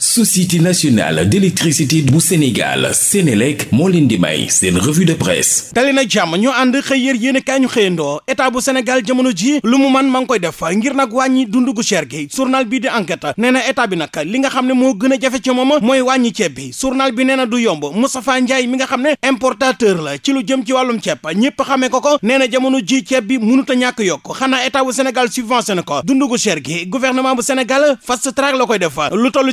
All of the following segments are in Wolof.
société nationale d'électricité bu Sénégal Sénélec moo leen di may seen revue de presse dali nag jàmm ñu ànd xëy yér kaañu kaay ñu xëyandoo état bu Sénégal jamono ji lu mu man ma ngi koy def ngir nag wàññi dundu cer cher gi journal bi di enquête nee na état bi nag li nga xam ne moo gën a jafe ci moom mooy wàññi ceeb bi journal bi nee na du yomb Moustapha Ndiaye mi nga xam ne importateur la ci lu jëm ci wàllum ceeb ñëpp xamee ko ko nee na jamono ji ceeb bi mënut ñàkk yokk xanaa état bu Sénégal subventionné ko dundu gu cher gi gouvernement bu Sénégal fast track la koy def lu toll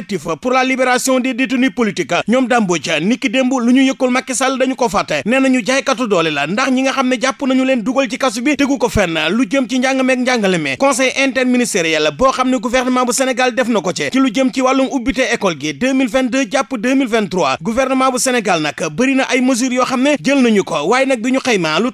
collectif pour la libération des détenus politiques ñoom Damboja niki démb lu ñu yëkkul Macky dañu ko fàtte nee nañu jaaykatu doole la ndax ñi nga xam ne jàpp nañu leen dugal ci kasu bi tegu ko fenn lu jëm ci njàng meek njàngale me conseil interministériel boo xam ne gouvernement bu Sénégal def na ko ci ci lu jëm ci wàllum ubbite école gi jàpp 2023 bu Sénégal nag bëri na ay mesures yoo xam ne jël nañu ko waaye nag bi ñu xaymaa lu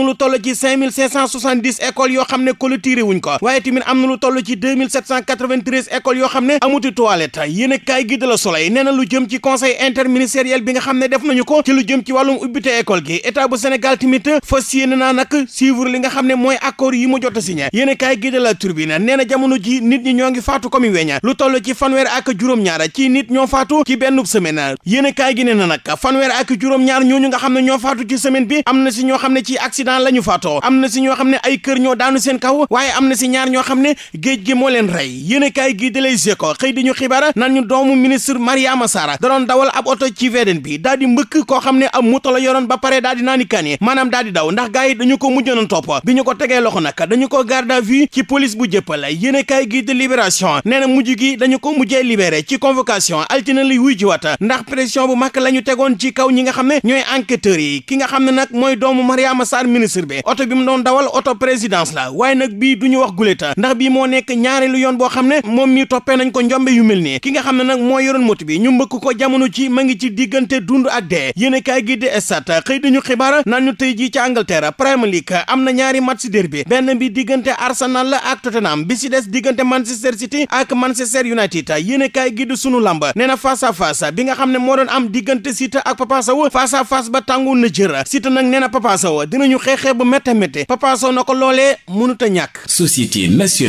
lu toll ci 5570 yoo xam lu toll ci 2793 écoles yoo xam ne amuti toilette yéen a kaay gi de nee na lu jëm ci conseil interministériel bi nga xam ne def nañu ko ci lu jëm ci wàllum ubbite école gi état bu Sénégal tamit fas yéene naa nag suivre li nga xam ne mooy accord yi mu jot a signé yéen kaay gi de nee na jamono ji nit ñi ñoo ngi faatu comme weña lu toll ci fanweer ak juróom-ñaar ci nit ñoo faatu ci benn semaine yéen a kaay gi nee na nag fanweer ak juróom ne ñoo faatu ci semaine bi ñoo xam ne ci accident am ne géej gi moo leen rey yéenekaay gi di Les Échos xëy di ñu xibaar ñu doomu ministre Mariama Sarr da doon dawal ab oto ci VDN bi daal di mbëkk koo xam ne ab moto la yoroon ba pare daal di naani kani maanaam daal di daw ndax gars yi dañu ko mujjoon topp bi ñu ko tegee loxo nag dañu ko garde à vue ci police bu jëppal yéenekaay gi di Libération nee na mujj gi dañu ko mujjee libéré ci convocation altine li wuy jiwaat ndax pression bu mag la ñu tegoon ci kaw ñi nga xam ne ñooy enquêteurs yi ki nga xam ne nag mooy doomu Mariama Sarr ministre bi oto bi mu doon dawal oto présidence la waaye nag bii moo nekk ñaareelu yoon boo xam ne moom mi toppee nañ ko njombe yu mel nii ki nga xam ne nag moo yoroon moto bi ñu mbëkk ko jamono ci ma ngi ci diggante dund ak dee yéen kaay gi di estat xëy dañu xibaar naan ñu tey jii ci Angleterre Premier League am na ñaari match derby benn bi diggante Arsenal la ak Tottenham bi si des diggante Manchester City ak Manchester United yéen kaay gi di sunu lamba nee na face à face bi nga xam ne moo doon am diggante Siteu ak Papa Sow face ba tàngoon na jër Siteu nag nee na Papa Sow dinañu xeexee bu métte métte Papa Sow na ko loolee mënut a ñàkk société nationale